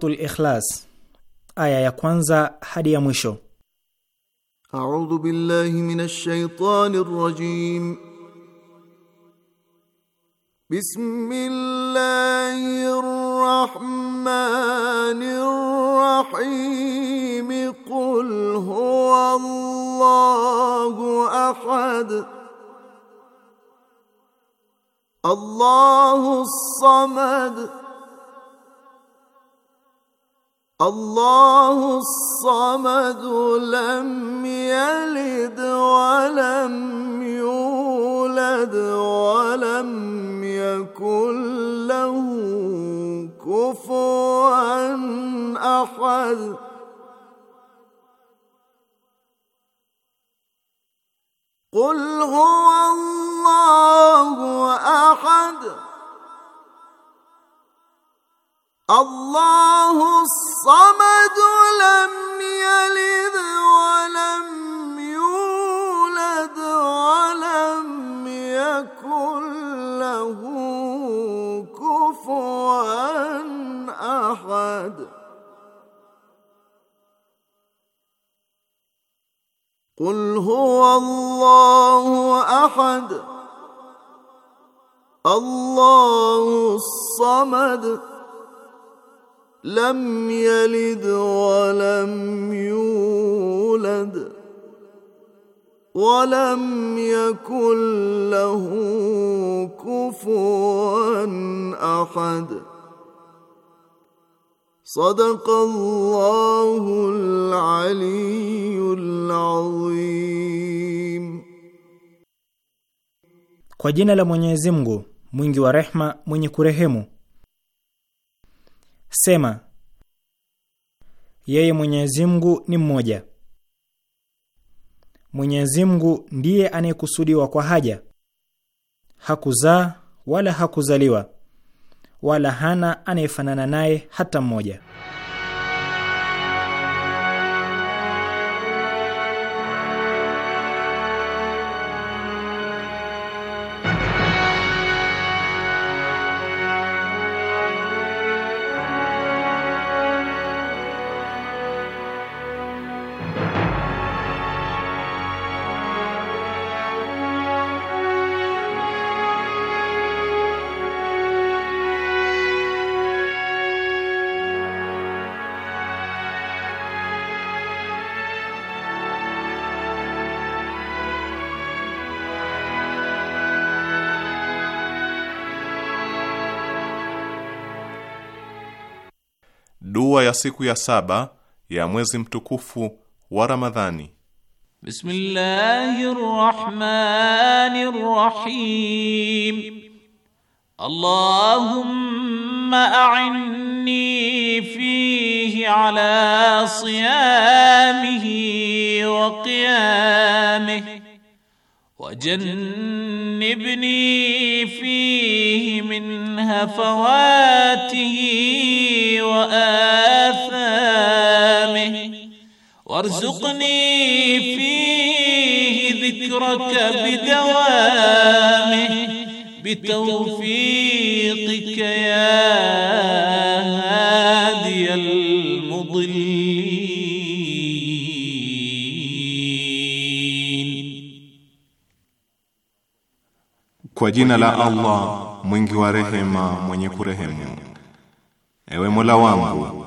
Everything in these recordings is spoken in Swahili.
Suratul Ikhlas aya ya kwanza hadi ya mwisho. A'udhu billahi minash shaitanir rajim. Bismillahir rahmanir rahim. Qul huwallahu ahad. الله الصمد الله الصمد لم يلد ولم يولد ولم يكن له كفوا احد قل هو الله احد الله الصمد لم يلد ولم يولد ولم يكن له كفوا احد قل هو الله احد الله الصمد لم يلد ولم يولد ولم يكن له كفوا احد صدق الله العلي العظيم kwa jina la mwenyezi mungu mwingi wa rehma mwenye kurehemu Sema, yeye Mwenyezi Mungu ni mmoja. Mwenyezi Mungu ndiye anayekusudiwa kwa haja. Hakuzaa wala hakuzaliwa, wala hana anayefanana naye hata mmoja. Dua ya siku ya saba ya mwezi mtukufu wa Ramadhani. Bismillahir Rahmanir Rahim. Allahumma a'inni fihi ala siyamihi wa qiyamihi wa jannah ابني فيه من هفواته وآثامه وارزقني فيه ذكرك بدوامه بتوفيقك يا Kwa jina la Allah mwingi wa rehema mwenye kurehemu. Ewe Mola wangu,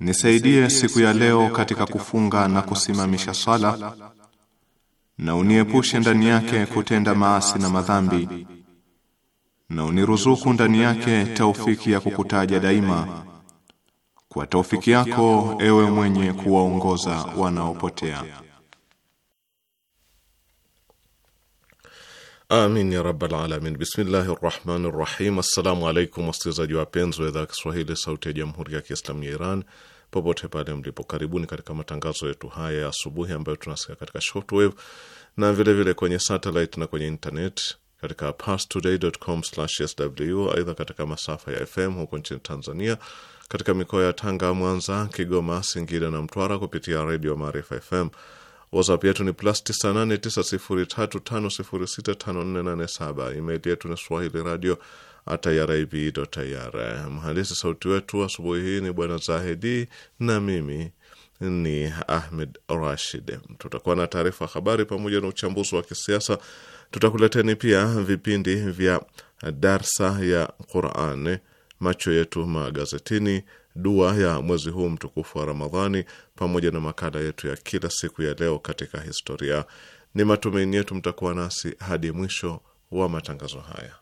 nisaidie siku ya leo katika kufunga na kusimamisha sala, na uniepushe ndani yake kutenda maasi na madhambi, na uniruzuku ndani yake taufiki ya kukutaja daima, kwa taufiki yako ewe mwenye kuwaongoza wanaopotea. Amin ya rabbal alamin. Bismillahi rahmani rahim. Assalamu alaikum wasikilizaji wapenzi wa idhaa ya Kiswahili sauti ya jamhuri ya Kiislamu ya Iran popote pale mlipo, karibuni katika matangazo yetu haya ya asubuhi ambayo tunasikia katika shortwave na vilevile vile kwenye satellite na kwenye internet katika parstoday.com/sw. Aidha, katika masafa ya FM huko nchini Tanzania katika mikoa ya Tanga, Mwanza, Kigoma, Singida na Mtwara kupitia redio Maarifa FM WhatsApp yetu ni plus 989035065487. Email yetu ni swahili radio irivr. Mhandisi sauti wetu asubuhi hii ni bwana Zahedi na mimi ni Ahmed Rashid. Tutakuwa na taarifa habari pamoja na uchambuzi wa kisiasa. Tutakuleteni pia vipindi vya darsa ya Quran, macho yetu magazetini dua ya mwezi huu mtukufu wa Ramadhani pamoja na makala yetu ya kila siku ya leo katika historia. Ni matumaini yetu mtakuwa nasi hadi mwisho wa matangazo haya.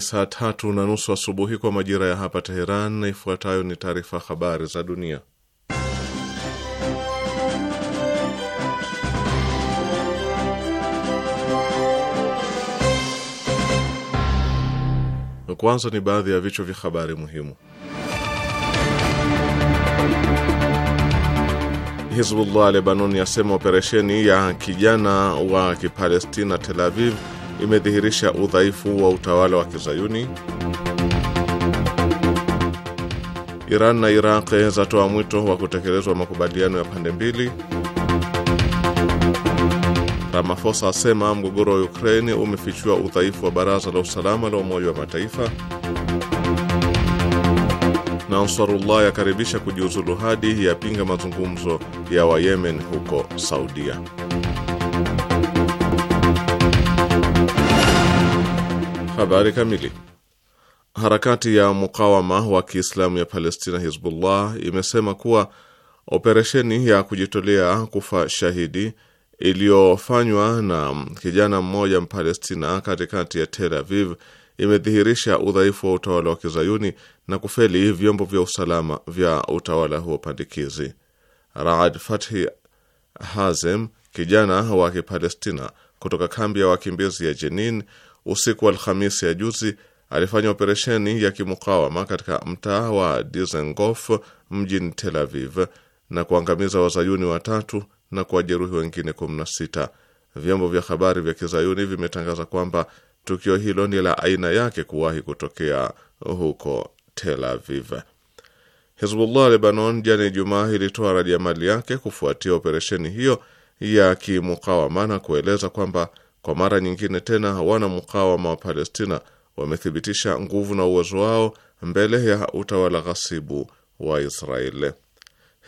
saa tatu na nusu asubuhi kwa majira ya hapa Teheran, na ifuatayo ni taarifa habari za dunia. Kwanza ni baadhi ya vichwa vya habari muhimu. Hizbullah Lebanon yasema operesheni ya kijana wa Kipalestina Tel Aviv imedhihirisha udhaifu wa utawala wa Kizayuni. Iran na Iraq zatoa mwito wa kutekelezwa makubaliano ya pande mbili. ramafosa asema mgogoro wa ukraini umefichua udhaifu wa Baraza la Usalama la Umoja wa Mataifa. Na Ansarullah yakaribisha kujiuzulu hadi yapinga mazungumzo ya Wayemen huko Saudia. Habari kamili. Harakati ya mukawama wa Kiislamu ya Palestina Hizbullah imesema kuwa operesheni ya kujitolea kufa shahidi iliyofanywa na kijana mmoja Mpalestina katikati ya Tel Aviv imedhihirisha udhaifu wa utawala wa kizayuni na kufeli vyombo vya usalama vya utawala huo pandikizi. Raad Fathi Hazem, kijana wa Kipalestina kutoka kambi ya wakimbizi ya Jenin usiku wa Alhamisi ya juzi alifanya operesheni ya kimukawama katika mtaa wa Dizengoff mjini Tel Aviv na kuangamiza wazayuni watatu na kuwajeruhi wengine 16. Vyombo vya habari vya kizayuni vimetangaza kwamba tukio hilo ni la aina yake kuwahi kutokea huko Tel Aviv. Hizbullah Lebanon jana Ijumaa ilitoa radiamali yake kufuatia operesheni hiyo ya kimukawama na kueleza kwamba kwa mara nyingine tena, wana mkawama wa Palestina wamethibitisha nguvu na uwezo wao mbele ya utawala ghasibu wa Israeli.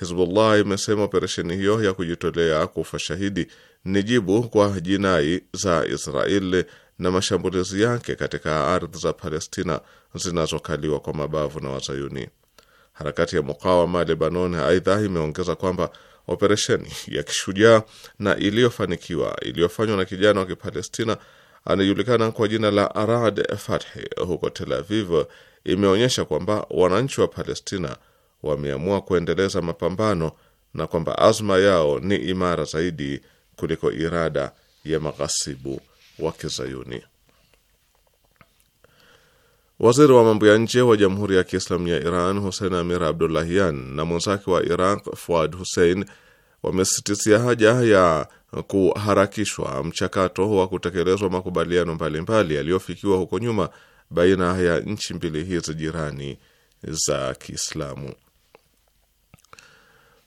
Hizbullah imesema operesheni hiyo ya kujitolea kufa shahidi ni jibu kwa jinai za Israeli na mashambulizi yake katika ardhi za Palestina zinazokaliwa kwa mabavu na Wazayuni. Harakati ya mukawama Lebanon aidha imeongeza kwamba Operesheni ya kishujaa na iliyofanikiwa iliyofanywa na kijana wa Kipalestina anayejulikana kwa jina la Arad Fathi huko Tel Aviv imeonyesha kwamba wananchi wa Palestina wameamua kuendeleza mapambano na kwamba azma yao ni imara zaidi kuliko irada ya maghasibu wa Kizayuni. Waziri wa mambo ya nje wa Jamhuri ya Kiislamu ya Iran Hussein Amir Abdollahian na mwenzake wa Iraq Fuad Hussein wamesisitizia haja ya kuharakishwa mchakato wa kutekelezwa makubaliano mbalimbali yaliyofikiwa huko nyuma baina ya nchi mbili hizi jirani za Kiislamu.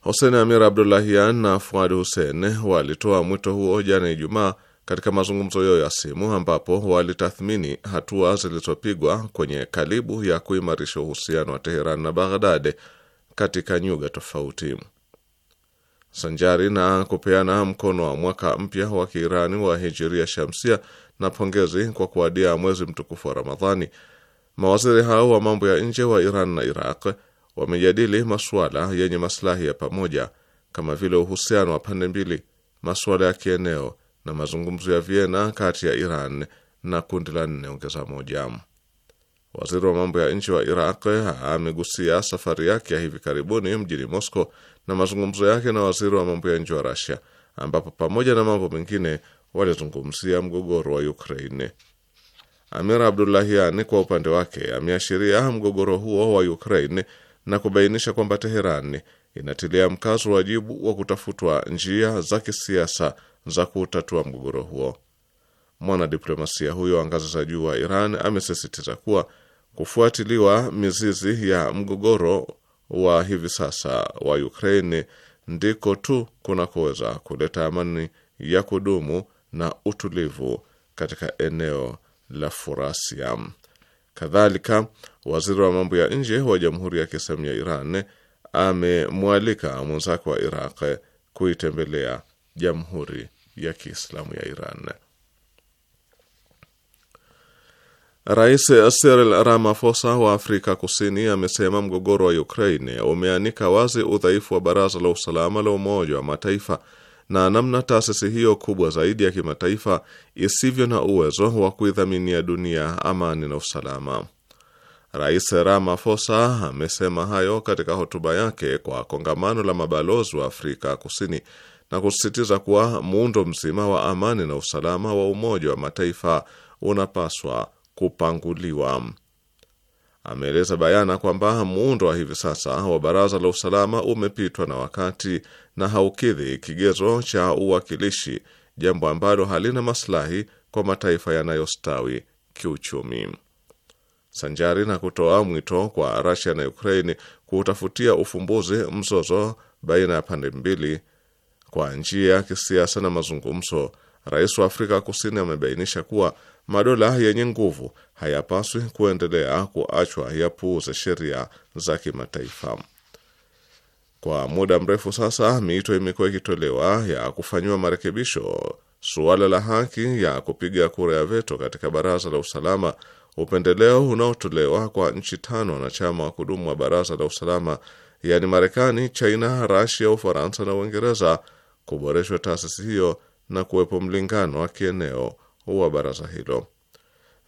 Hussein Amir Abdollahian na Fuad Hussein walitoa mwito huo jana Ijumaa katika mazungumzo yao ya simu ambapo walitathmini hatua zilizopigwa kwenye kalibu ya kuimarisha uhusiano wa Teheran na Baghdad katika nyuga tofauti. Sanjari na kupeana mkono wa mwaka mpya wa Kiirani wa Hijiria Shamsia na pongezi kwa kuadia mwezi mtukufu wa Ramadhani, mawaziri hao wa mambo ya nje wa Iran na Iraq wamejadili masuala yenye masilahi ya pamoja kama vile uhusiano wa pande mbili, masuala ya kieneo na mazungumzo ya Vienna kati ya Iran na kundi la nne ongeza moja. Waziri wa mambo ya nchi wa Iraq amegusia safari yake ya hivi karibuni mjini Moscow na mazungumzo yake na waziri wa mambo ya nje wa rusia ambapo pamoja na mambo mengine walizungumzia mgogoro wa Ukraine. Amir Abdullahian kwa upande wake ameashiria mgogoro huo wa Ukraine na kubainisha kwamba teheran inatilia mkazo wajibu wa kutafutwa njia za kisiasa za kutatua mgogoro huo. Mwanadiplomasia huyo wa ngazi za juu wa Iran amesisitiza kuwa kufuatiliwa mizizi ya mgogoro wa hivi sasa wa Ukraini ndiko tu kunakoweza kuleta amani ya kudumu na utulivu katika eneo la Furasia. Kadhalika, waziri wa mambo ya nje wa Jamhuri ya Kiislamu ya Iran amemwalika mwenzake wa Iraq kuitembelea Jamhuri ya Kiislamu ya Iran. Rais Cyril Ramaphosa wa Afrika Kusini amesema mgogoro wa Ukraine umeanika wazi udhaifu wa Baraza la Usalama la Umoja wa Mataifa na namna taasisi hiyo kubwa zaidi ya kimataifa isivyo na uwezo wa kuidhaminia dunia amani na usalama. Rais Ramaphosa amesema hayo katika hotuba yake kwa kongamano la mabalozi wa Afrika Kusini na kusisitiza kuwa muundo mzima wa amani na usalama wa Umoja wa Mataifa unapaswa kupanguliwa. Ameeleza bayana kwamba muundo wa hivi sasa wa Baraza la Usalama umepitwa na wakati na haukidhi kigezo cha uwakilishi, jambo ambalo halina maslahi kwa mataifa yanayostawi kiuchumi. Sanjari na kutoa mwito kwa rasia na Ukraine kutafutia ufumbuzi mzozo baina ya pande mbili kwa njia ya kisiasa na mazungumzo, rais wa Afrika Kusini amebainisha kuwa madola yenye nguvu hayapaswi kuendelea kuachwa yapuuze sheria za kimataifa. Kwa muda mrefu sasa, miito imekuwa ikitolewa ya kufanyiwa marekebisho suala la haki ya kupiga kura ya veto katika Baraza la Usalama, upendeleo unaotolewa kwa nchi tano wanachama wa kudumu wa Baraza la Usalama, yaani Marekani, China, Rasia, Ufaransa na Uingereza kuboreshwa taasisi hiyo na kuwepo mlingano wa kieneo wa baraza hilo.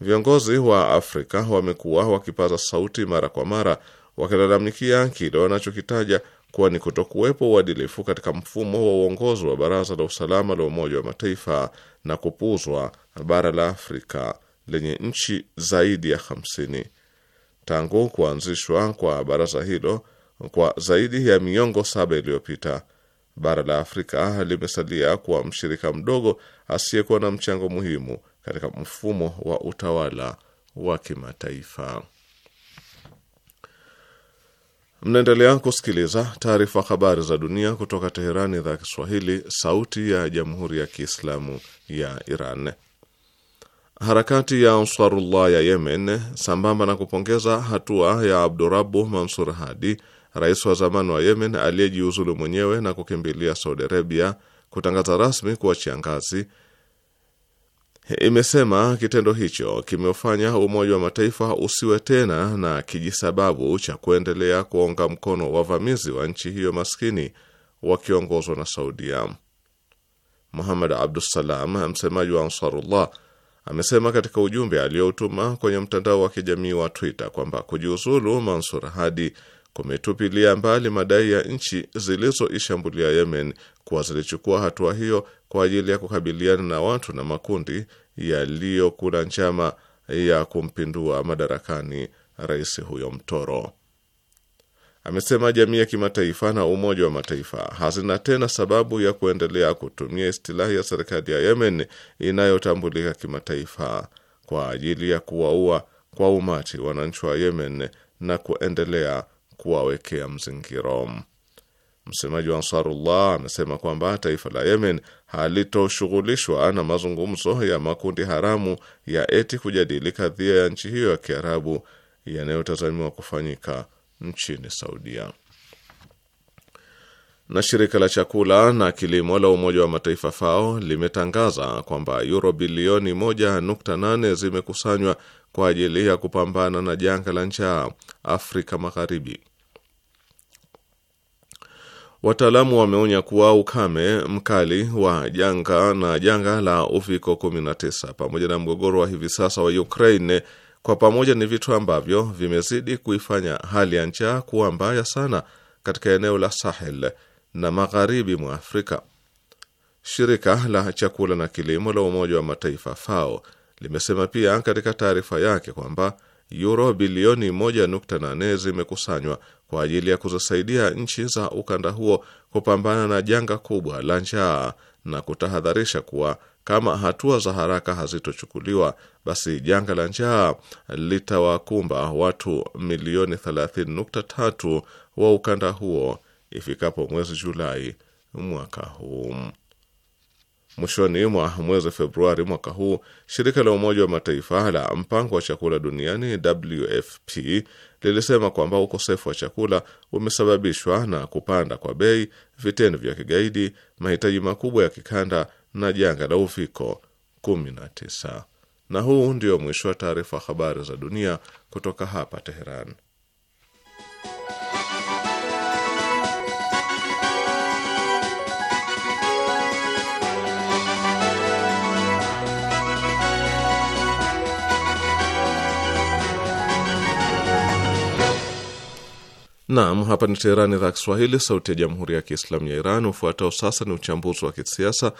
Viongozi wa Afrika wamekuwa wakipaza sauti mara kwa mara wakilalamikia kile wanachokitaja kuwa ni kutokuwepo uadilifu katika mfumo wa uongozi wa Baraza la Usalama la Umoja wa Mataifa na kupuuzwa bara la Afrika lenye nchi zaidi ya 50. Tangu kuanzishwa kwa baraza hilo kwa zaidi ya miongo saba iliyopita bara la Afrika limesalia kuwa mshirika mdogo asiyekuwa na mchango muhimu katika mfumo wa utawala wa kimataifa. Mnaendelea kusikiliza taarifa habari za dunia kutoka Teherani, idhaa ya Kiswahili, sauti ya jamhuri ya kiislamu ya Iran. Harakati ya Ansarullah ya Yemen, sambamba na kupongeza hatua ya Abdurabu Mansur Hadi rais wa zamani wa Yemen aliyejiuzulu mwenyewe na kukimbilia Saudi Arabia kutangaza rasmi kuachia ngazi, imesema kitendo hicho kimefanya Umoja wa Mataifa usiwe tena na kijisababu cha kuendelea kuonga mkono wavamizi wa nchi hiyo maskini wakiongozwa na Saudia. Muhammad Abdusalam, msemaji wa Ansarullah, amesema katika ujumbe aliyoutuma kwenye mtandao wa kijamii wa Twitter kwamba kujiuzulu Mansur Hadi kumetupilia mbali madai ya nchi zilizoishambulia Yemen kuwa zilichukua hatua hiyo kwa ajili ya kukabiliana na watu na makundi yaliyokula njama ya kumpindua madarakani rais huyo mtoro. Amesema jamii ya kimataifa na Umoja wa Mataifa hazina tena sababu ya kuendelea kutumia istilahi ya serikali ya Yemen inayotambulika kimataifa kwa ajili ya kuwaua kwa umati wananchi wa Yemen na kuendelea kuwawekea mzingiro. Msemaji wa Ansarullah amesema kwamba taifa la Yemen halitoshughulishwa na mazungumzo ya makundi haramu ya eti kujadili kadhia ya nchi hiyo ya Kiarabu yanayotazamiwa kufanyika nchini Saudia. Na shirika la chakula na kilimo la Umoja wa Mataifa FAO limetangaza kwamba yuro bilioni 1.8 zimekusanywa kwa ajili ya kupambana na janga la njaa Afrika Magharibi. Wataalamu wameonya kuwa ukame mkali wa janga na janga la uviko 19 pamoja na mgogoro wa hivi sasa wa Ukraine kwa pamoja ni vitu ambavyo vimezidi kuifanya hali ya njaa kuwa mbaya sana katika eneo la Sahel na magharibi mwa Afrika. Shirika la chakula na kilimo la Umoja wa Mataifa FAO limesema pia katika taarifa yake kwamba yuro bilioni 1.8 zimekusanywa kwa ajili ya kuzisaidia nchi za ukanda huo kupambana na janga kubwa la njaa na kutahadharisha kuwa kama hatua za haraka hazitochukuliwa, basi janga la njaa litawakumba watu milioni 30.3 wa ukanda huo ifikapo mwezi Julai mwaka huu. Mwishoni mwa mwezi Februari mwaka huu, shirika la Umoja wa Mataifa la mpango wa chakula duniani WFP lilisema kwamba ukosefu wa chakula umesababishwa na kupanda kwa bei, vitendo vya kigaidi, mahitaji makubwa ya kikanda na janga la Uviko 19. Na huu ndio mwisho wa taarifa habari za dunia kutoka hapa Teheran. Naam, hapa ni Teherani, idhaa Kiswahili, sauti ya jamhuri ya kiislamu ya Iran. Ufuatao sasa ni uchambuzi wa kisiasa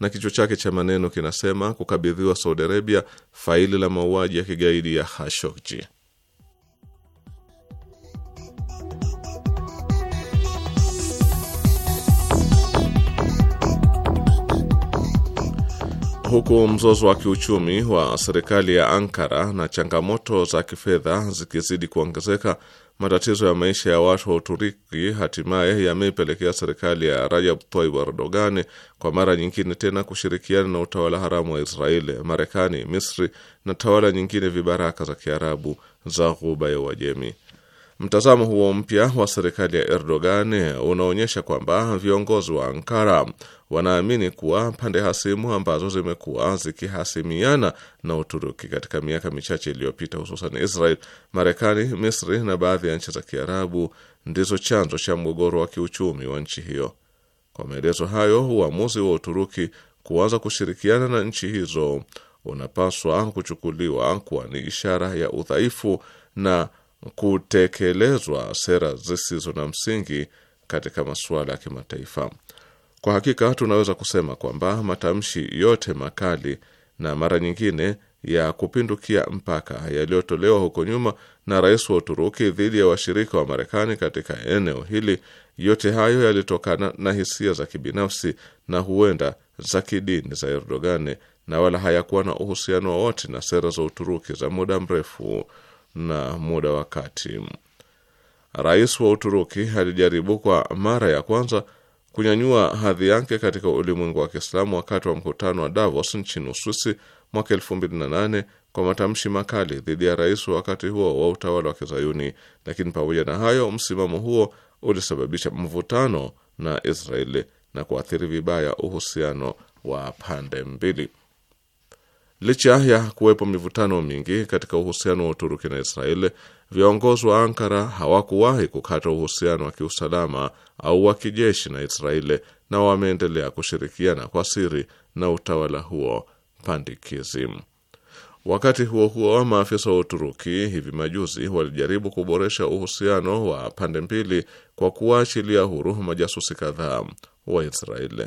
na kichwa chake cha maneno kinasema kukabidhiwa Saudi Arabia faili la mauaji ya kigaidi ya Khashoggi. Huku mzozo wa kiuchumi wa serikali ya Ankara na changamoto za kifedha zikizidi kuongezeka, matatizo ya maisha ya watu wa Uturuki hatimaye yameipelekea serikali ya Rajab Tayyip Erdogan kwa mara nyingine tena kushirikiana na utawala haramu wa Israeli, Marekani, Misri na tawala nyingine vibaraka za Kiarabu za Ghuba ya Uajemi. Mtazamo huo mpya wa serikali ya Erdogan unaonyesha kwamba viongozi wa Ankara wanaamini kuwa pande hasimu ambazo zimekuwa zikihasimiana na Uturuki katika miaka michache iliyopita, hususan Israel, Marekani, Misri na baadhi ya nchi za Kiarabu ndizo chanzo cha mgogoro wa kiuchumi wa nchi hiyo. Kwa maelezo hayo, uamuzi wa Uturuki kuanza kushirikiana na nchi hizo unapaswa kuchukuliwa kuwa ni ishara ya udhaifu na kutekelezwa sera zisizo na msingi katika masuala ya kimataifa. Kwa hakika tunaweza kusema kwamba matamshi yote makali na mara nyingine ya kupindukia mpaka yaliyotolewa huko nyuma na rais wa Uturuki dhidi ya washirika wa Marekani katika eneo hili, yote hayo yalitokana na hisia za kibinafsi na huenda za kidini za Erdogani na wala hayakuwa na uhusiano wowote na sera za Uturuki za muda mrefu na muda wa kati. Rais wa Uturuki alijaribu kwa mara ya kwanza kunyanyua hadhi yake katika ulimwengu wa Kiislamu wakati wa mkutano wa Davos nchini Uswisi mwaka nane kwa matamshi makali dhidi ya rais wa wakati huo wa utawala wa Kizayuni, lakini pamoja na hayo, msimamo huo ulisababisha mvutano na Israeli na kuathiri vibaya uhusiano wa pande mbili. Licha ya kuwepo mivutano mingi katika uhusiano wa Uturuki na Israeli, viongozi wa Ankara hawakuwahi kukata uhusiano wa kiusalama au wa kijeshi na Israeli na wameendelea kushirikiana kwa siri na utawala huo pandikizi. Wakati huo huo, maafisa wa Uturuki hivi majuzi walijaribu kuboresha uhusiano wa pande mbili kwa kuwaachilia huru majasusi kadhaa wa Israeli.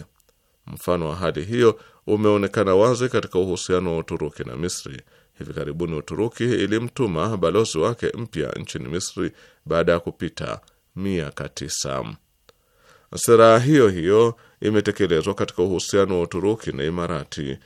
Mfano wa hali hiyo umeonekana wazi katika uhusiano wa Uturuki na Misri. Hivi karibuni Uturuki ilimtuma balozi wake mpya nchini Misri baada ya kupita miaka tisa. Sera hiyo hiyo imetekelezwa katika uhusiano wa Uturuki na Imarati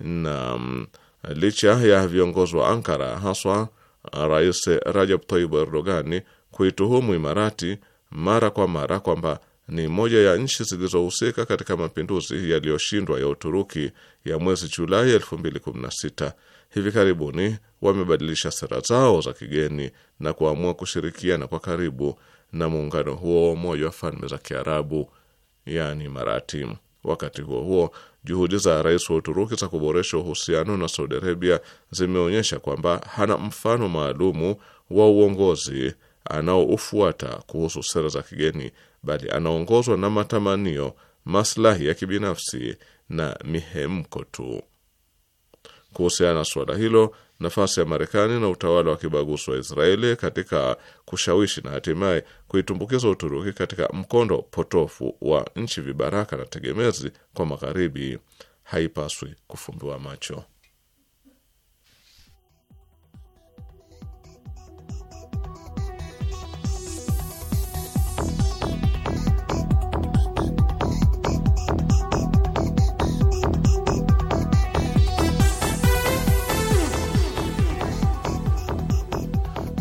na mm, licha ya viongozi wa Ankara haswa uh, Rais Rajab Tayyip Erdogani kuituhumu Imarati mara kwa mara kwamba ni moja ya nchi zilizohusika katika mapinduzi yaliyoshindwa ya Uturuki ya mwezi Julai 2016. Hivi karibuni wamebadilisha sera zao za kigeni na kuamua kushirikiana kwa karibu na muungano huo wa Umoja wa Falme za Kiarabu, yani Marati. Wakati huo huo, juhudi za rais wa Uturuki za kuboresha uhusiano na Saudi Arabia zimeonyesha kwamba hana mfano maalumu wa uongozi anaoufuata kuhusu sera za kigeni bali anaongozwa na matamanio, maslahi ya kibinafsi na mihemko tu. Kuhusiana na suala hilo, nafasi ya Marekani na utawala wa kibaguzi wa Israeli katika kushawishi na hatimaye kuitumbukiza Uturuki katika mkondo potofu wa nchi vibaraka na tegemezi kwa Magharibi haipaswi kufumbiwa macho.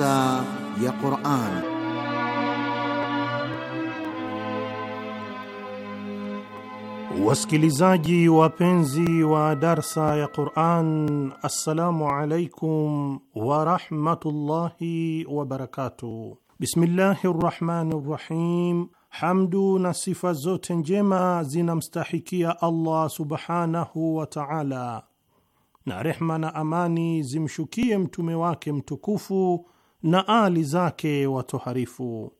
darsa ya Qur'an. Wasikilizaji wapenzi wa darsa ya Qur'an, assalamu alaikum warahmatullahi wabarakatuh bismillahi rahmani Bismillahir Rahim. Hamdu na sifa zote njema zinamstahikia Allah subhanahu wa ta'ala, na rehma na amani zimshukie mtume wake mtukufu na ali zake watoharifu.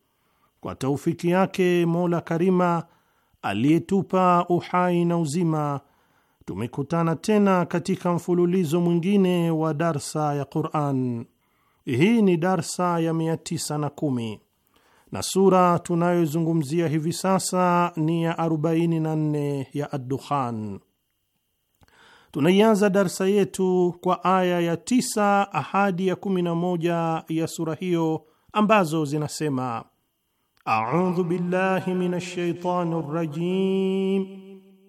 Kwa taufiki yake Mola Karima aliyetupa uhai na uzima, tumekutana tena katika mfululizo mwingine wa darsa ya Quran. Hii ni darsa ya mia tisa na kumi na sura tunayozungumzia hivi sasa ni ya 44 ya Addukhan. Tunaianza darsa yetu kwa aya ya tisa hadi ya kumi na moja ya sura hiyo ambazo zinasema: audhu billahi min shaitani rajim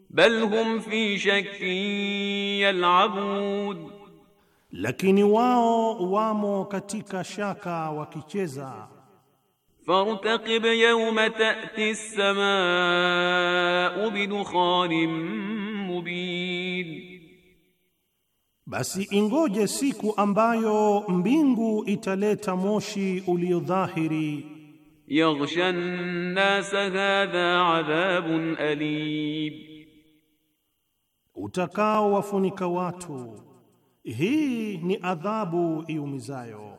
bal hum fi shakkin yal'abud, lakini wao wamo katika shaka wakicheza Fartaqib yawma ta'ti as-samaa'u bidukhani mubin basi ingoje siku ambayo mbingu italeta moshi uliodhahiri. Yaghsha nnas hadha adhabun alib, utakao wafunika watu, hii ni adhabu iumizayo.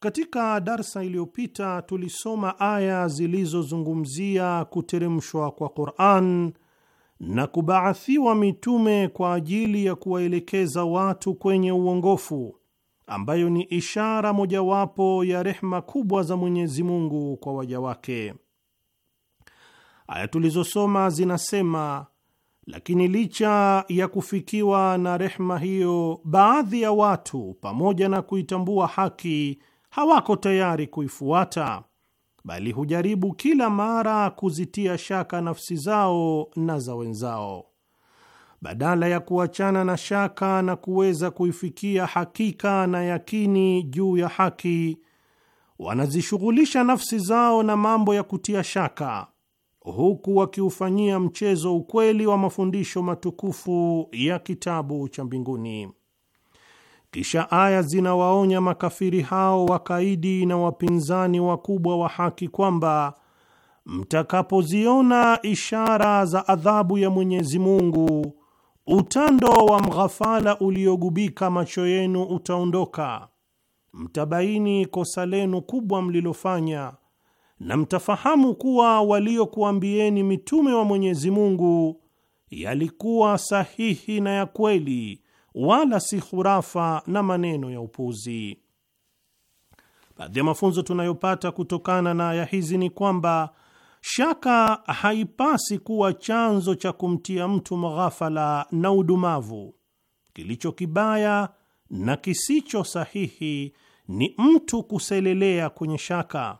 Katika darsa iliyopita tulisoma aya zilizozungumzia kuteremshwa kwa Qur'an na kubaathiwa mitume kwa ajili ya kuwaelekeza watu kwenye uongofu, ambayo ni ishara mojawapo ya rehma kubwa za Mwenyezi Mungu kwa waja wake. Aya tulizosoma zinasema, lakini licha ya kufikiwa na rehma hiyo, baadhi ya watu pamoja na kuitambua haki hawako tayari kuifuata bali hujaribu kila mara kuzitia shaka nafsi zao na za wenzao. Badala ya kuachana na shaka na kuweza kuifikia hakika na yakini juu ya haki, wanazishughulisha nafsi zao na mambo ya kutia shaka, huku wakiufanyia mchezo ukweli wa mafundisho matukufu ya kitabu cha mbinguni. Kisha aya zinawaonya makafiri hao wakaidi na wapinzani wakubwa wa haki kwamba mtakapoziona ishara za adhabu ya Mwenyezi Mungu, utando wa mghafala uliogubika macho yenu utaondoka, mtabaini kosa lenu kubwa mlilofanya, na mtafahamu kuwa waliokuambieni mitume wa Mwenyezi Mungu yalikuwa sahihi na ya kweli wala si khurafa na maneno ya upuzi. Baadhi ya mafunzo tunayopata kutokana na aya hizi ni kwamba shaka haipasi kuwa chanzo cha kumtia mtu maghafala na udumavu. Kilicho kibaya na kisicho sahihi ni mtu kuselelea kwenye shaka,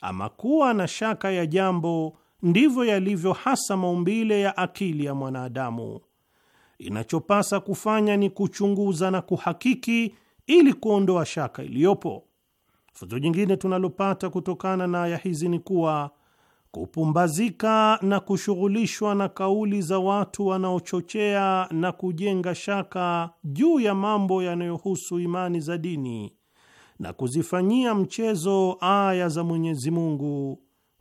ama kuwa na shaka ya jambo. Ndivyo yalivyo hasa maumbile ya akili ya mwanadamu. Inachopasa kufanya ni kuchunguza na kuhakiki ili kuondoa shaka iliyopo. Funzo jingine tunalopata kutokana na aya hizi ni kuwa kupumbazika na kushughulishwa na kauli za watu wanaochochea na kujenga shaka juu ya mambo yanayohusu imani za dini na kuzifanyia mchezo aya za Mwenyezi Mungu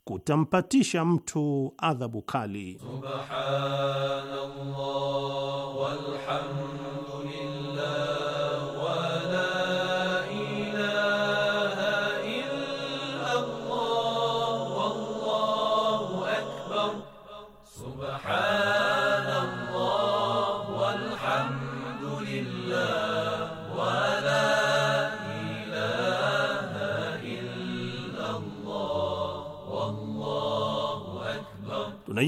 kutampatisha mtu adhabu kali. Subhanallah walhamdulillah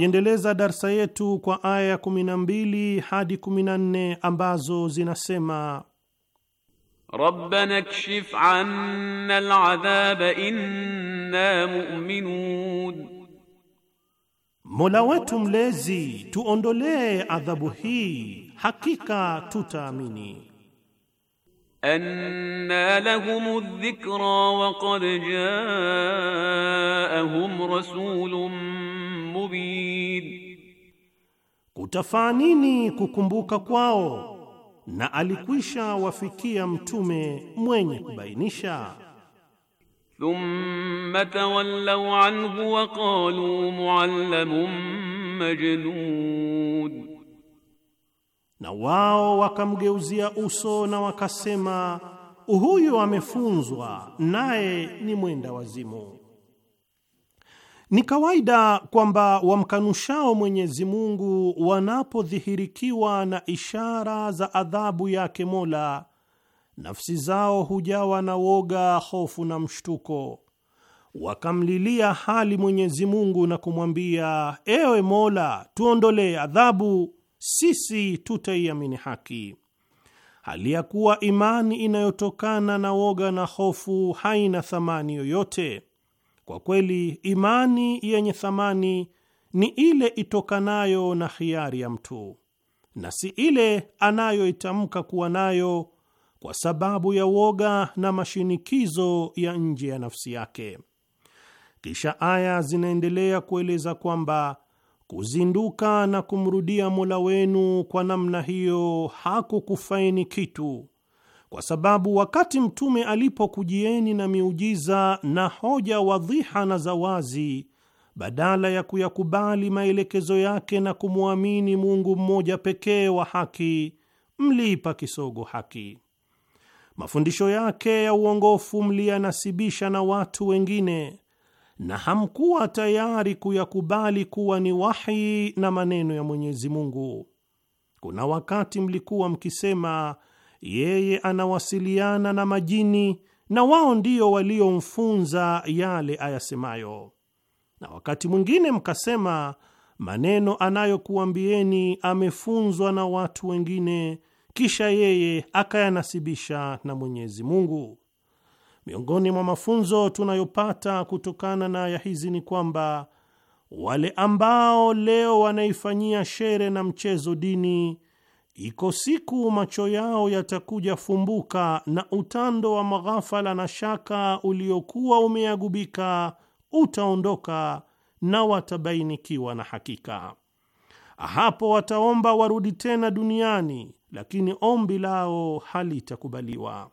Tunaiendeleza darsa yetu kwa aya 12 hadi 14 ambazo zinasema: Rabbana kshif anna al'adhaba inna mu'minun, Mola wetu mlezi tuondolee adhabu hii, hakika tutaamini. Anna lahumu dhikra wa qad jaahum rasulun mubin, kutafaa nini kukumbuka kwao na alikwisha wafikia mtume mwenye kubainisha. Thumma tawallau anhu wa qalu muallamun majnun, na wao wakamgeuzia uso na wakasema huyu amefunzwa naye ni mwenda wazimu. Ni kawaida kwamba wamkanushao Mwenyezi Mungu wanapodhihirikiwa na ishara za adhabu yake Mola, nafsi zao hujawa na woga, hofu na mshtuko, wakamlilia hali Mwenyezi Mungu na kumwambia, ewe Mola, tuondolee adhabu, sisi tutaiamini haki, hali ya kuwa imani inayotokana na woga na hofu haina thamani yoyote kwa kweli imani yenye thamani ni ile itokanayo na hiari ya mtu na si ile anayoitamka kuwa nayo kwa sababu ya woga na mashinikizo ya nje ya nafsi yake. Kisha aya zinaendelea kueleza kwamba kuzinduka na kumrudia Mola wenu kwa namna hiyo hakukufaini kitu, kwa sababu wakati mtume alipokujieni na miujiza na hoja wadhiha na za wazi, badala ya kuyakubali maelekezo yake na kumwamini Mungu mmoja pekee wa haki, mliipa kisogo haki. Mafundisho yake ya uongofu mliyanasibisha na watu wengine, na hamkuwa tayari kuyakubali kuwa ni wahi na maneno ya Mwenyezi Mungu. Kuna wakati mlikuwa mkisema yeye anawasiliana na majini na wao ndio waliomfunza yale ayasemayo. Na wakati mwingine mkasema maneno anayokuambieni amefunzwa na watu wengine, kisha yeye akayanasibisha na Mwenyezi Mungu. Miongoni mwa mafunzo tunayopata kutokana na aya hizi ni kwamba wale ambao leo wanaifanyia shere na mchezo dini Iko siku macho yao yatakuja fumbuka na utando wa maghafala na shaka uliokuwa umeagubika utaondoka na watabainikiwa na hakika. Hapo wataomba warudi tena duniani, lakini ombi lao halitakubaliwa.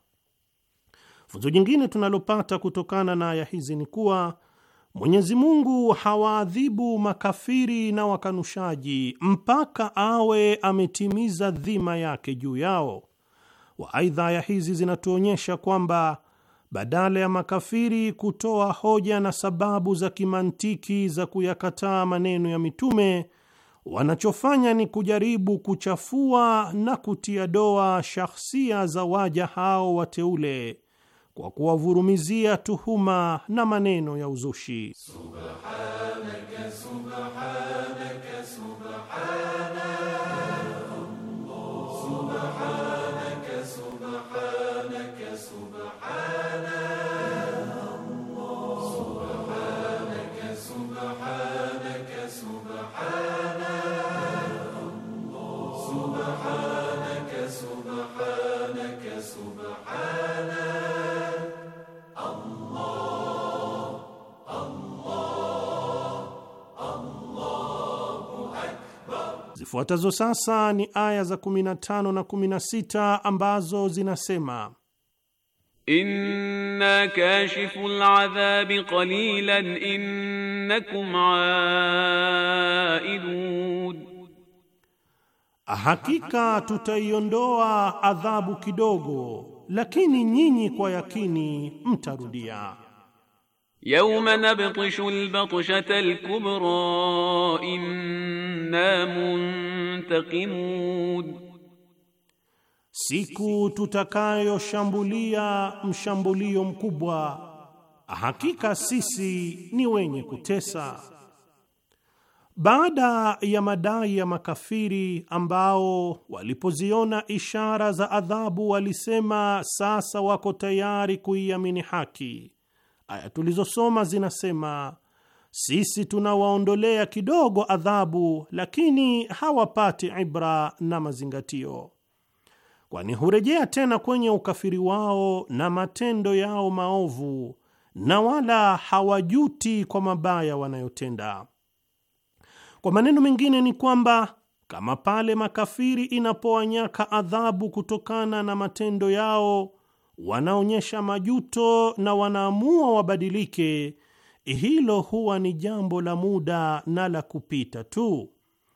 Funzo jingine tunalopata kutokana na aya hizi ni kuwa Mwenyezi Mungu hawaadhibu makafiri na wakanushaji mpaka awe ametimiza dhima yake juu yao. wa Aidha, ya hizi zinatuonyesha kwamba badala ya makafiri kutoa hoja na sababu za kimantiki za kuyakataa maneno ya mitume, wanachofanya ni kujaribu kuchafua na kutia doa shahsia za waja hao wateule kwa kuwavurumizia tuhuma na maneno ya uzushi. Subhanaka, subhanaka, subhanaka. Zifuatazo sasa ni aya za 15 na 16 ambazo zinasema Inna kashiful adhabi qalilan innakum aidun, hakika tutaiondoa adhabu kidogo, lakini nyinyi kwa yakini mtarudia. Yawma nabtishu al-batshata inna muntaqimun, siku tutakayoshambulia mshambulio mkubwa, hakika sisi ni wenye kutesa. Baada ya madai ya makafiri ambao walipoziona ishara za adhabu walisema sasa wako tayari kuiamini haki Aya tulizosoma zinasema sisi tunawaondolea kidogo adhabu, lakini hawapati ibra na mazingatio, kwani hurejea tena kwenye ukafiri wao na matendo yao maovu, na wala hawajuti kwa mabaya wanayotenda. Kwa maneno mengine ni kwamba kama pale makafiri inapowanyaka adhabu kutokana na matendo yao wanaonyesha majuto na wanaamua wabadilike, hilo huwa ni jambo la muda na la kupita tu,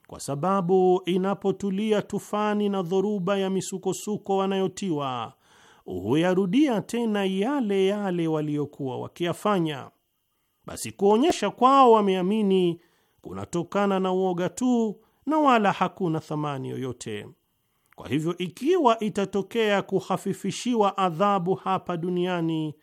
kwa sababu inapotulia tufani na dhoruba ya misukosuko wanayotiwa huyarudia tena yale yale waliyokuwa wakiyafanya. Basi kuonyesha kwao wameamini kunatokana na uoga tu na wala hakuna thamani yoyote. Kwa hivyo, ikiwa itatokea kuhafifishiwa adhabu hapa duniani,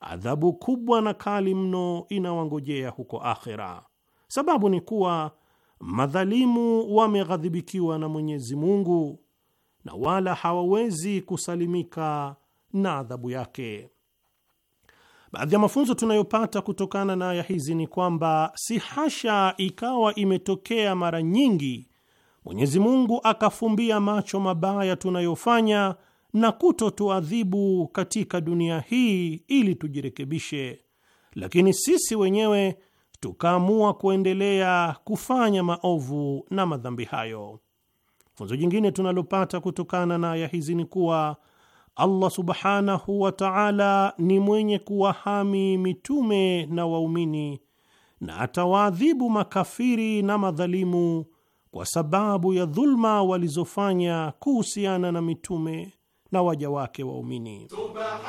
adhabu kubwa na kali mno inawangojea huko akhera. Sababu ni kuwa madhalimu wameghadhibikiwa na Mwenyezi Mungu na wala hawawezi kusalimika na adhabu yake. Baadhi ya mafunzo tunayopata kutokana na aya hizi ni kwamba si hasha ikawa imetokea mara nyingi Mwenyezi Mungu akafumbia macho mabaya tunayofanya na kutotuadhibu katika dunia hii ili tujirekebishe, lakini sisi wenyewe tukaamua kuendelea kufanya maovu na madhambi hayo. Funzo jingine tunalopata kutokana na aya hizi ni kuwa Allah subhanahu wa ta'ala ni mwenye kuwahami mitume na waumini na atawaadhibu makafiri na madhalimu kwa sababu ya dhulma walizofanya kuhusiana na mitume na waja wake waumini Subhan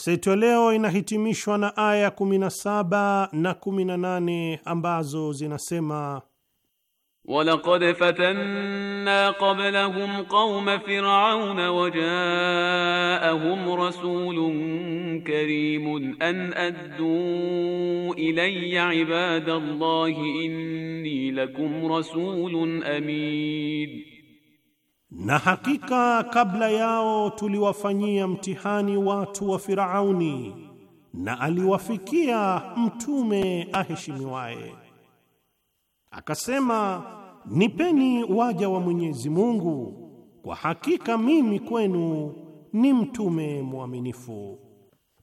Kaseti ya leo inahitimishwa na aya 17 na 18 ambazo zinasema Walaqad fatanna qablahum qauma fir'auna wajaahum rasulun karimun an addu ilayya ibadallahi inni lakum rasulun amin Na hakika kabla yao tuliwafanyia mtihani watu wa Firauni na aliwafikia mtume aheshimiwaye. Akasema, nipeni waja wa Mwenyezi Mungu, kwa hakika mimi kwenu ni mtume mwaminifu.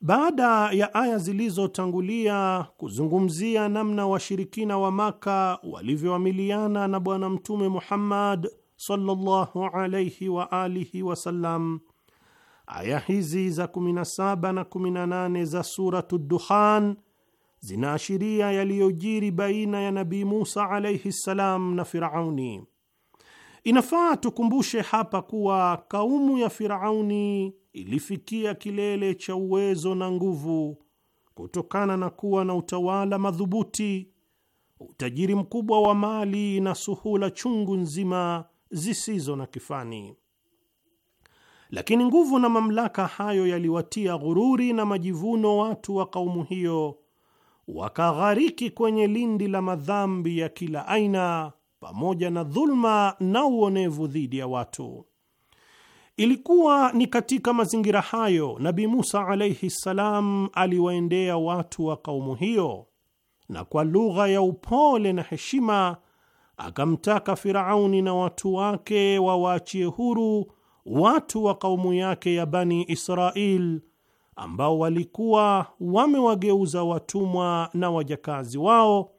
Baada ya aya zilizotangulia kuzungumzia namna washirikina wa Maka walivyoamiliana na Bwana Mtume Muhammad sallallahu alayhi wa alihi sallam, Aya hizi za 17 na 18 za Suratu Dukhan zinaashiria yaliyojiri baina ya Nabii Musa alayhi ssalam na Firauni. Inafaa tukumbushe hapa kuwa kaumu ya Firauni ilifikia kilele cha uwezo na nguvu kutokana na kuwa na utawala madhubuti, utajiri mkubwa wa mali na suhula chungu nzima zisizo na kifani. Lakini nguvu na mamlaka hayo yaliwatia ghururi na majivuno watu wa kaumu hiyo, wakaghariki kwenye lindi la madhambi ya kila aina pamoja na dhulma na uonevu dhidi ya watu. Ilikuwa ni katika mazingira hayo Nabi Musa alaihi ssalam aliwaendea watu wa kaumu hiyo na kwa lugha ya upole na heshima akamtaka Firauni na watu wake wawaachie huru watu wa kaumu yake ya Bani Israil ambao walikuwa wamewageuza watumwa na wajakazi wao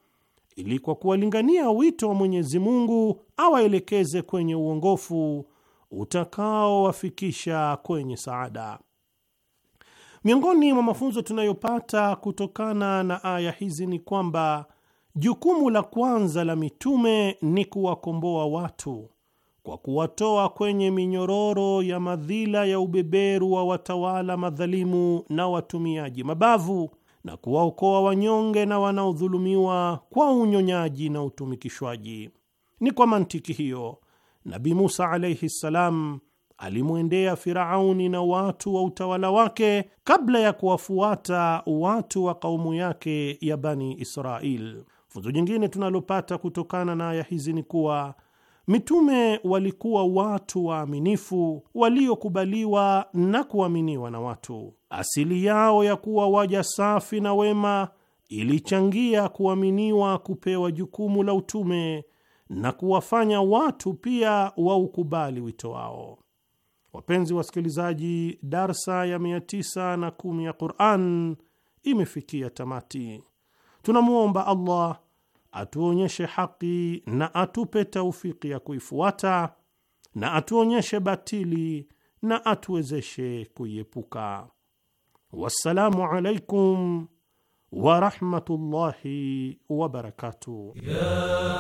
ili kwa kuwalingania wito wa Mwenyezi Mungu awaelekeze kwenye uongofu utakaowafikisha kwenye saada. Miongoni mwa mafunzo tunayopata kutokana na aya hizi ni kwamba Jukumu la kwanza la mitume ni kuwakomboa watu kwa kuwatoa kwenye minyororo ya madhila ya ubeberu wa watawala madhalimu na watumiaji mabavu na kuwaokoa wanyonge na wanaodhulumiwa kwa unyonyaji na utumikishwaji. Ni kwa mantiki hiyo Nabi Musa alaihi ssalam alimwendea Firauni na watu wa utawala wake kabla ya kuwafuata watu wa kaumu yake ya Bani Israel. Funzo jingine tunalopata kutokana na aya hizi ni kuwa mitume walikuwa watu waaminifu waliokubaliwa na kuaminiwa na watu. Asili yao ya kuwa waja safi na wema ilichangia kuaminiwa, kupewa jukumu la utume na kuwafanya watu pia waukubali wito wao. Wapenzi wasikilizaji, darsa ya 910 ya Quran imefikia tamati. Tunamwomba Allah atuonyeshe haki na atupe taufiki ya kuifuata na atuonyeshe batili na atuwezeshe kuiepuka. Wassalamu alaikum wa rahmatullahi wa barakatuh. Ya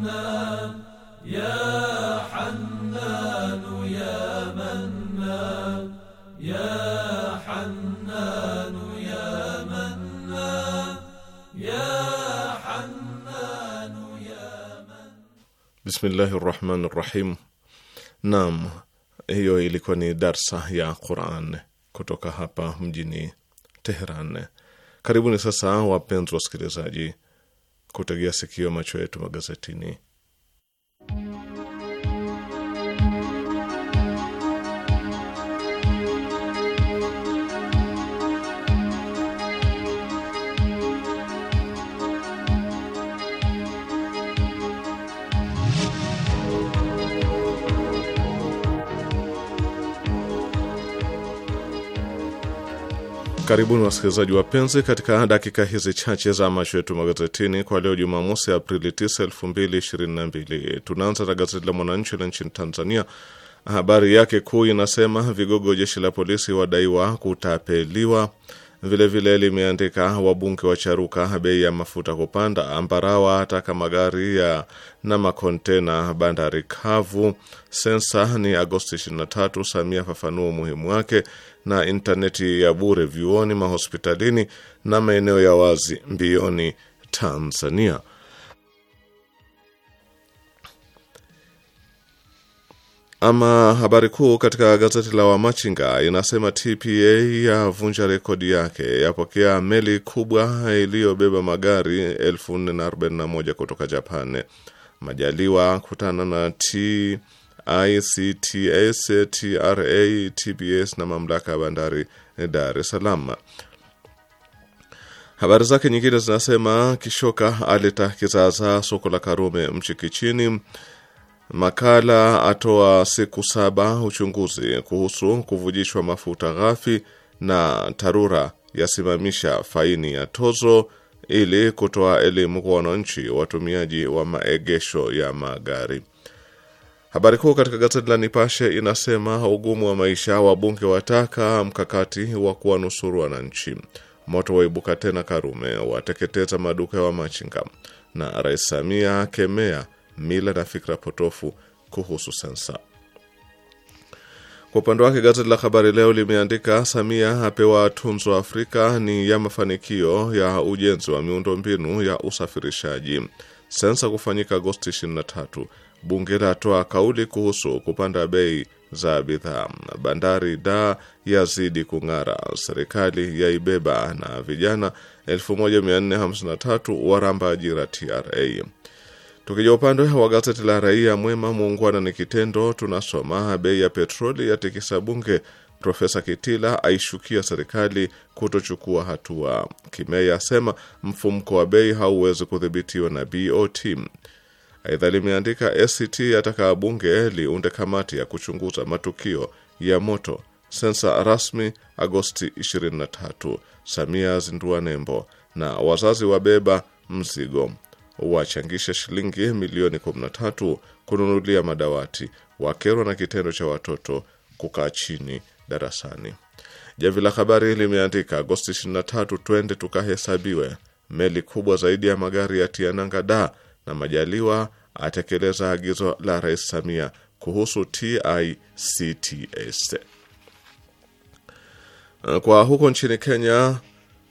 حنان يا حنان يا منان يا حنان يا منان يا حنان يا منان بسم الله الرحمن الرحيم نعم hiyo ilikuwa ni darsa ya Quran kutoka hapa mjini Teheran. Karibuni sasa, wapenzi wasikilizaji kutegea sikio macho yetu magazetini. Karibuni wasikilizaji wapenzi, katika dakika hizi chache za macho yetu magazetini kwa leo Jumamosi, Aprili 9, 2022. Tunaanza na gazeti la Mwananchi la nchini Tanzania. Habari yake kuu inasema vigogo jeshi la polisi wadaiwa kutapeliwa Vilevile limeandika wabunge wacharuka bei ya mafuta kupanda, ambarawa ataka magari ya na makontena bandari kavu, sensa ni Agosti 23, Samia fafanua umuhimu wake, na intaneti ya bure vyuoni, mahospitalini na maeneo ya wazi mbioni Tanzania. Ama habari kuu katika gazeti la Wamachinga inasema TPA yavunja rekodi yake, yapokea meli kubwa iliyobeba magari 441 kutoka Japan. Majaliwa kutana na TICTS, TRA, TBS na mamlaka ya bandari Dar es Salaam. Habari zake nyingine zinasema Kishoka aleta kizaazaa soko la Karume Mchikichini Makala atoa siku saba uchunguzi kuhusu kuvujishwa mafuta ghafi na TARURA yasimamisha faini ya tozo ili kutoa elimu kwa wananchi watumiaji wa maegesho ya magari. Habari kuu katika gazeti la Nipashe inasema ugumu wa maisha, wabunge wataka mkakati wa kuwanusuru wananchi. Moto waibuka tena Karume, wateketeza maduka ya wa machinga, na Rais Samia kemea mila na fikra potofu kuhusu sensa. Kwa upande wake gazeti la Habari Leo limeandika Samia apewa tunzo Afrika ni ya mafanikio ya ujenzi wa miundo mbinu ya usafirishaji, sensa kufanyika Agosti 23, bunge latoa kauli kuhusu kupanda bei za bidhaa, bandari da yazidi kung'ara, serikali yaibeba na vijana 1453 waramba ajira TRA Tukija upande wa gazeti la Raia Mwema, muungwana ni kitendo, tunasoma bei ya petroli ya tikisa bunge, Profesa Kitila aishukia serikali kutochukua hatua. Kimei asema mfumko wa bei hauwezi kudhibitiwa na BOT. Aidha limeandika ACT yataka bunge liunde kamati ya kuchunguza matukio ya moto. Sensa rasmi Agosti 23. Samia azindua nembo na wazazi wabeba mzigo wachangishe shilingi milioni 13 kununulia madawati, wakerwa na kitendo cha watoto kukaa chini darasani. Jamvi la Habari limeandika Agosti 23, twende tukahesabiwe, meli kubwa zaidi ya magari ya tiananga da na Majaliwa atekeleza agizo la Rais Samia kuhusu TICTS. Kwa huko nchini Kenya,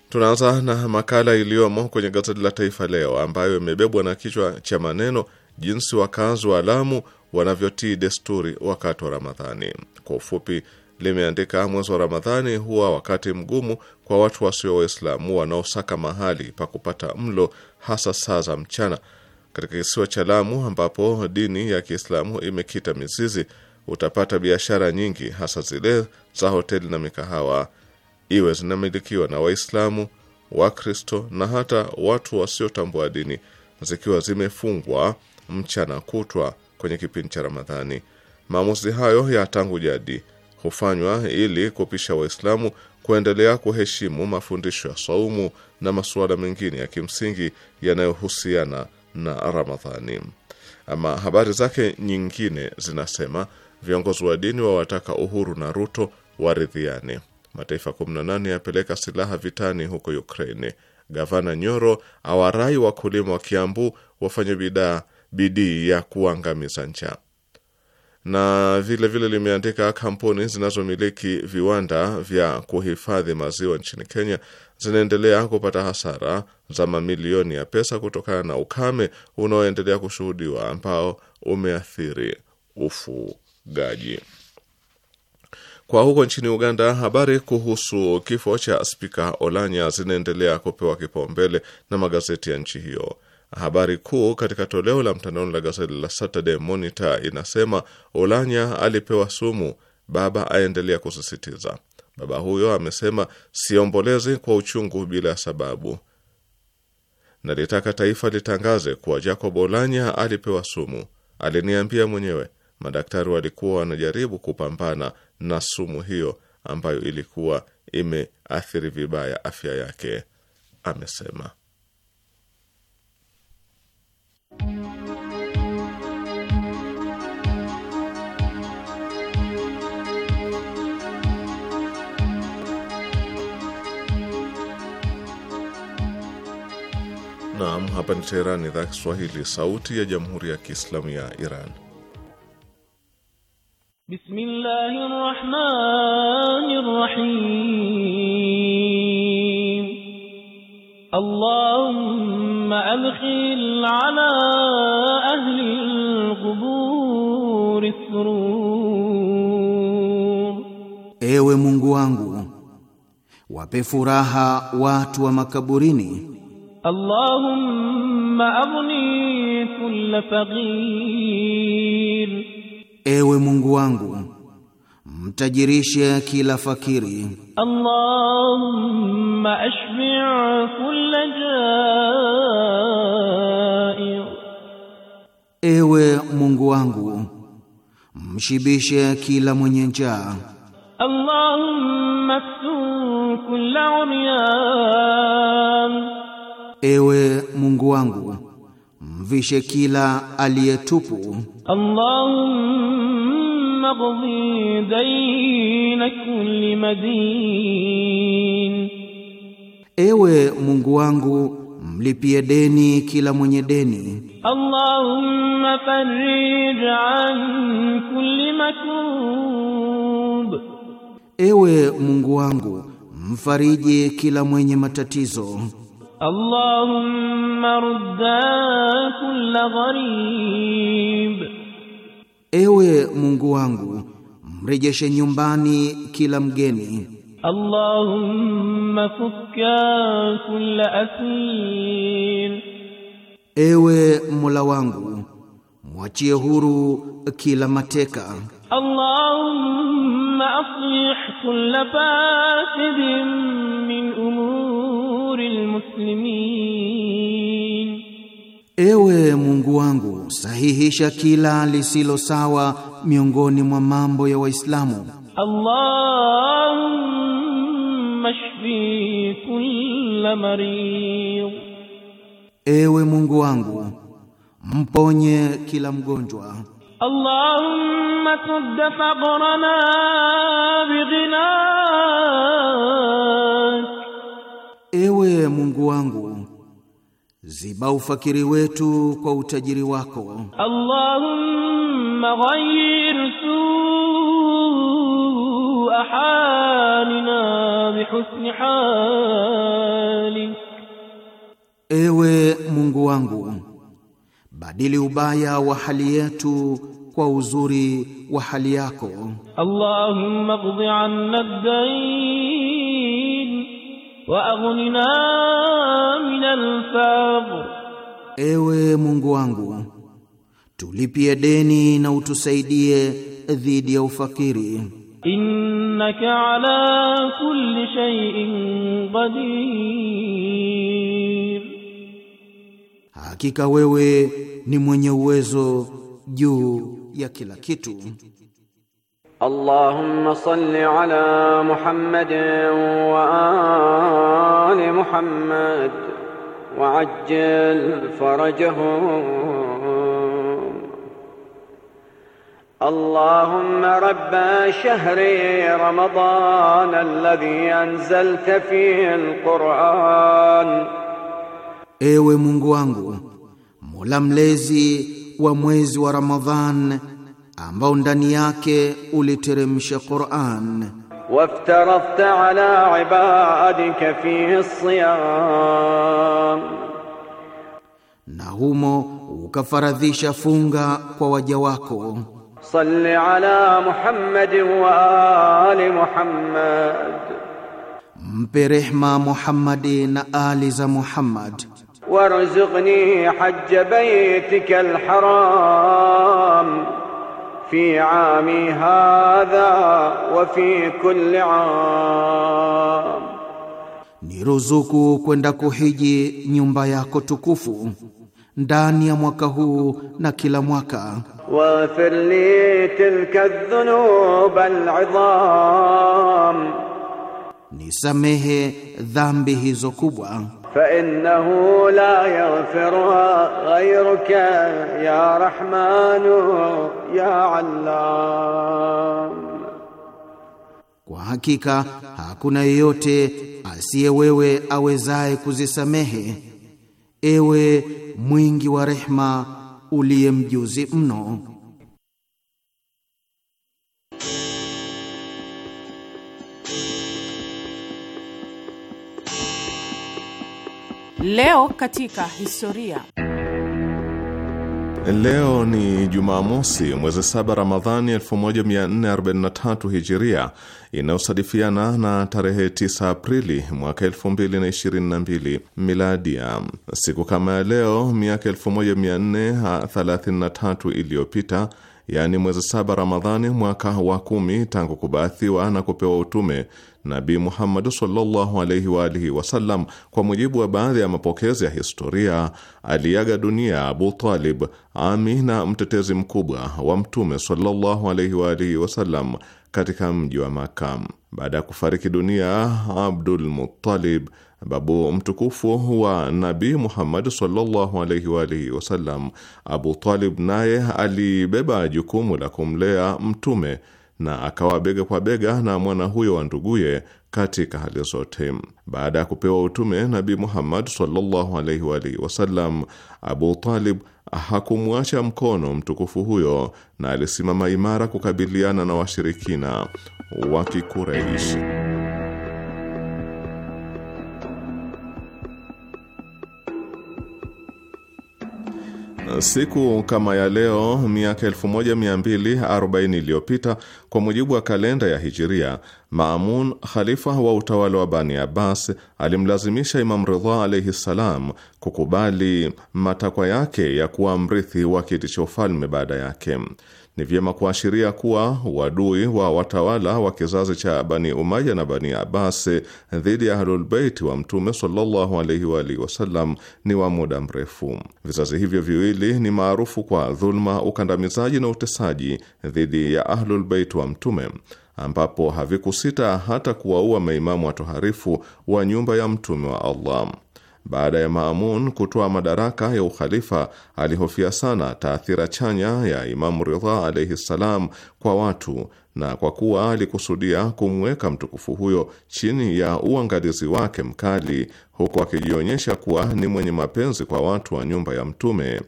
Tunaanza na makala iliyomo kwenye gazeti la Taifa Leo ambayo imebebwa na kichwa cha maneno jinsi wakazi wa Lamu wanavyotii desturi wakati wa Ramadhani. Kwa ufupi, limeandika mwezi wa Ramadhani huwa wakati mgumu kwa watu wasio Waislamu wanaosaka mahali pa kupata mlo, hasa saa za mchana katika kisiwa cha Lamu ambapo dini ya Kiislamu imekita mizizi. Utapata biashara nyingi, hasa zile za hoteli na mikahawa iwe zinamilikiwa na Waislamu, Wakristo na hata watu wasiotambua dini, zikiwa zimefungwa mchana kutwa kwenye kipindi cha Ramadhani. Maamuzi hayo ya tangu jadi hufanywa ili kupisha Waislamu kuendelea kuheshimu mafundisho ya saumu na masuala mengine ya kimsingi yanayohusiana na Ramadhani. Ama habari zake nyingine zinasema viongozi wa dini wawataka Uhuru na Ruto waridhiane. Mataifa 18 yapeleka silaha vitani huko Ukraini. Gavana Nyoro awarai wakulima wa Kiambu wafanye bidhaa bidii ya kuangamiza njaa. Na vile vile limeandika kampuni zinazomiliki viwanda vya kuhifadhi maziwa nchini Kenya zinaendelea kupata hasara za mamilioni ya pesa kutokana na ukame unaoendelea kushuhudiwa ambao umeathiri ufugaji. Kwa huko nchini Uganda, habari kuhusu kifo cha spika Olanya zinaendelea kupewa kipaumbele na magazeti ya nchi hiyo. Habari kuu katika toleo la mtandaoni la gazeti la Saturday Monitor inasema Olanya alipewa sumu, baba aendelea kusisitiza. Baba huyo amesema siombolezi kwa uchungu bila sababu. Nalitaka taifa litangaze kuwa Jacob Olanya alipewa sumu. Aliniambia mwenyewe, madaktari walikuwa wanajaribu kupambana na sumu hiyo ambayo ilikuwa imeathiri vibaya afya yake, amesema. Naam, hapa ni Teherani, idhaa Kiswahili, sauti ya jamhuri ya kiislamu ya Iran. بسم الله الرحمن الرحيم اللهم أدخل على أهل القبور السرور Ewe Mungu wangu wape furaha watu wa makaburini Allahumma aghni kull faqir Ewe Mungu wangu, mtajirishe kila fakiri. Allahumma ashbi' kulla ja'i, Ewe Mungu wangu, mshibishe kila mwenye njaa. Allahumma aftu kulla umyan, Ewe Mungu wangu, mvishe kila aliyetupu. اللهم اقضي دين كل مدين ايوه مungu wangu mlipie deni kila mwenye deni. Allahumma farij an kulli makrub, ewe Mungu wangu mfariji kila mwenye matatizo. اللهم rudda kulla gharib, ewe Mungu wangu mrejeshe nyumbani kila mgeni. Allahumma fukka kulla asir, ewe Mola wangu mwachie huru kila mateka. Allahumma aslih kulla fasidin min المسلمين Ewe Mungu wangu sahihisha kila lisilo sawa miongoni mwa mambo ya Waislamu Allahumma shfi kulla marid Ewe Mungu wangu mponye kila mgonjwa Allahumma sud faqrana bighina Ewe Mungu wangu, ziba ufakiri wetu kwa utajiri wako. Allahumma ghayyir su'a halina bihusni halik, Ewe Mungu wangu, badili ubaya wa hali yetu kwa uzuri wa hali yako. Allahumma qdi anna ad-dayn واغننا min alfaqr, ewe Mungu wangu tulipie deni na utusaidie dhidi ya ufakiri. innaka ala kulli shay'in qadir, hakika wewe ni mwenye uwezo juu ya kila kitu. اللهم صل على محمد وآل محمد وعجل فرجهم اللهم رب شهر رمضان الذي أنزلت فيه القرآن ايوه Mungu wangu, ليزي mlezi ورمضان ورمضان ambao ndani yake uliteremsha Qur'an. Waftarafta ala ibadika fi siyam, na humo ukafaradhisha funga kwa waja wako. Salli ala Muhammad wa ali Muhammad, mpe rehma Muhammadi na ali za Muhammad. Warzuqni hajj baytika alharam في عامي هذا وفي كل عام aam, ni ruzuku kwenda kuhiji nyumba yako tukufu ndani ya mwaka huu na kila mwaka. Waghfir li tilka dhunub al'idham, nisamehe dhambi hizo kubwa فإنه لا يغفرها غيرك يا رحمن يا علام Kwa hakika hakuna yeyote asiye wewe awezaye kuzisamehe, ewe mwingi wa rehma, uliye mjuzi mno. Leo katika historia. Leo ni Jumamosi, mwezi saba Ramadhani 1443 Hijiria, inayosadifiana na tarehe 9 Aprili mwaka 2022 Miladia. Siku kama ya leo miaka 1433 iliyopita, yaani mwezi saba Ramadhani mwaka wa kumi tangu kubaathiwa na kupewa utume nabi Muhammad sallallahu alaihi wa alihi wasallam, kwa mujibu wa baadhi ya mapokezi ya historia, aliaga dunia Abu Talib, ami na mtetezi mkubwa wa Mtume sallallahu alaihi wa alihi wasallam katika mji wa Makam. Baada ya kufariki dunia Abdul Muttalib, babu mtukufu wa nabi Muhammad sallallahu alaihi wa alihi wasallam, Abu Talib naye alibeba jukumu la kumlea Mtume na akawa bega kwa bega na mwana huyo wa nduguye katika hali zote. Baada ya kupewa utume Nabi Muhammad sallallahu alaihi wa alihi wasallam, Abu Talib hakumwacha mkono mtukufu huyo na alisimama imara kukabiliana na washirikina wa Kikureishi. Siku kama ya leo miaka 1240 iliyopita kwa mujibu wa kalenda ya Hijiria, Maamun khalifa wa utawala wa Bani Abbas alimlazimisha Imam Ridha alaihi ssalam kukubali matakwa yake ya kuwa mrithi wa kiti cha ufalme baada yake ni vyema kuashiria kuwa uadui wa watawala wa kizazi cha Bani Umaya na Bani Abbas dhidi ya Ahlulbeiti wa Mtume sallallahu alaihi wa alihi wasallam ni wa muda mrefu. Vizazi hivyo viwili ni maarufu kwa dhuluma, ukandamizaji na utesaji dhidi ya Ahlulbeiti wa Mtume, ambapo havikusita hata kuwaua maimamu watoharifu wa nyumba ya Mtume wa Allah. Baada ya Maamun kutoa madaraka ya ukhalifa, alihofia sana taathira chanya ya Imamu Ridha alaihi ssalam kwa watu, na kwa kuwa alikusudia kumweka mtukufu huyo chini ya uangalizi wake mkali, huku akijionyesha kuwa ni mwenye mapenzi kwa watu wa nyumba ya Mtume,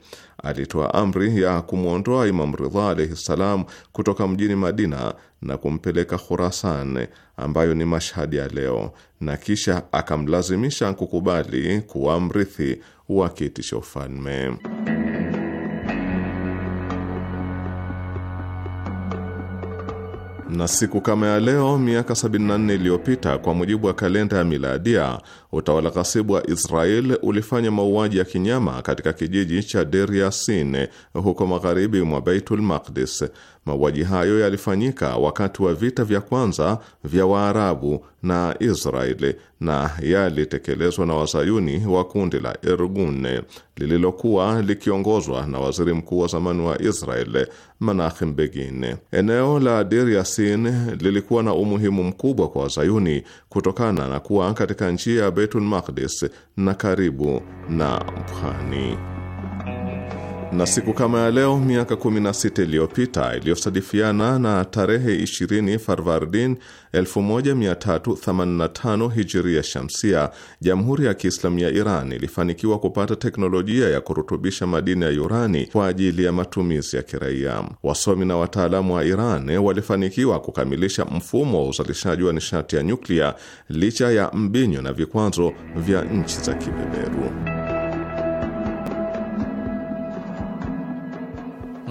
alitoa amri ya kumwondoa Imamu Ridha alaihi ssalam kutoka mjini Madina na kumpeleka Khurasan, ambayo ni mashahadi ya leo na kisha akamlazimisha kukubali kuwa mrithi wa kiti cha ufalme. Na siku kama ya leo miaka 74 iliyopita kwa mujibu wa kalenda ya miladia, Utawala ghasibu wa Israel ulifanya mauaji ya kinyama katika kijiji cha Der Yasin huko magharibi mwa Baitul Maqdis. Mauaji hayo yalifanyika wakati wa vita vya kwanza vya Waarabu na Israeli na yalitekelezwa na wazayuni wa kundi la Irgun lililokuwa likiongozwa na waziri mkuu wa zamani wa Israel Menachem Begin. Eneo la Deir Yassin lilikuwa na umuhimu mkubwa kwa wazayuni kutokana na kuwa katika njia ya Baitul Maqdis na karibu na Pwani. Na siku kama ya leo miaka 16 iliyopita iliyosadifiana na tarehe 20 Farvardin 1385 Hijiria Shamsia, Jamhuri ya Kiislamu ya Iran ilifanikiwa kupata teknolojia ya kurutubisha madini ya urani kwa ajili ya matumizi ya kiraia. Wasomi na wataalamu wa Iran walifanikiwa kukamilisha mfumo wa uzalishaji wa nishati ya nyuklia licha ya mbinyo na vikwazo vya nchi za kibeberu.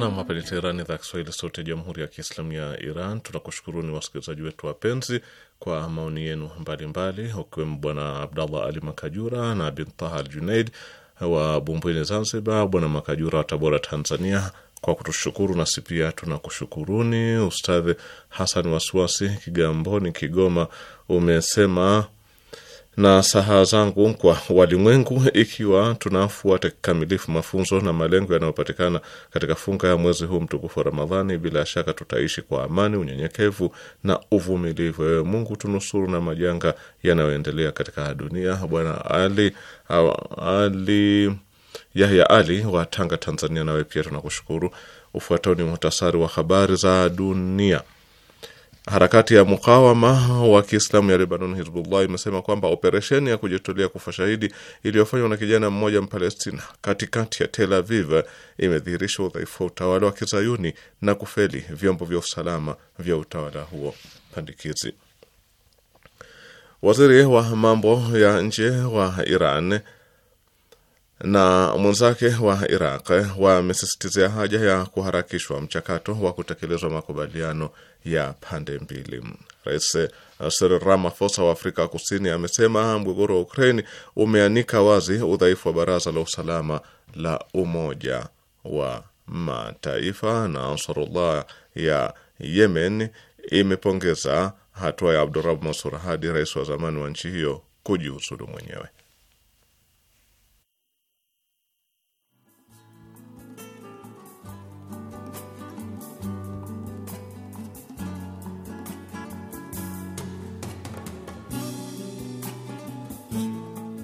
Nam, hapa ni Teherani, idhaa Kiswahili, sauti ya jamhuri ya kiislamu ya Iran. Tunakushukuruni wasikilizaji wetu wapenzi kwa maoni yenu mbalimbali, ukiwemo Bwana Abdallah Ali Makajura na Bintaha Al Junaid wa Bumbwini, Zanzibar, Bwana Makajura wa Tabora, Tanzania, kwa kutushukuru. Nasi pia tunakushukuruni. Ustadhi Hasan Wasiwasi Kigamboni, Kigoma, umesema na saha zangu kwa walimwengu, ikiwa tunafuata kikamilifu mafunzo na malengo yanayopatikana katika funga ya mwezi huu mtukufu wa Ramadhani, bila shaka tutaishi kwa amani, unyenyekevu na uvumilivu. Ewe Mungu, tunusuru na majanga yanayoendelea katika dunia. Bwana Ali Ali Yahya Ali wa Tanga, Tanzania, nawe pia tunakushukuru. Ufuatao ni muhtasari wa habari za dunia. Harakati ya mukawama wa Kiislamu ya Lebanon, Hizbullah, imesema kwamba operesheni ya kujitolea kufa shahidi iliyofanywa na kijana mmoja Mpalestina katikati ya Tel Aviv imedhihirisha udhaifu wa utawala wa kizayuni na kufeli vyombo vya usalama vya utawala huo pandikizi. Waziri wa mambo ya nje wa Iran na mwenzake wa Iraq wamesisitizia haja ya kuharakishwa mchakato wa kutekelezwa makubaliano ya pande mbili. Rais Cyril Ramaphosa wa Afrika Kusini amesema mgogoro wa Ukraini umeanika wazi udhaifu wa Baraza la Usalama la Umoja wa Mataifa, na Ansarullah ya Yemen imepongeza hatua ya Abdurabu Mansur Hadi, rais wa zamani wa nchi hiyo, kujiuzulu mwenyewe.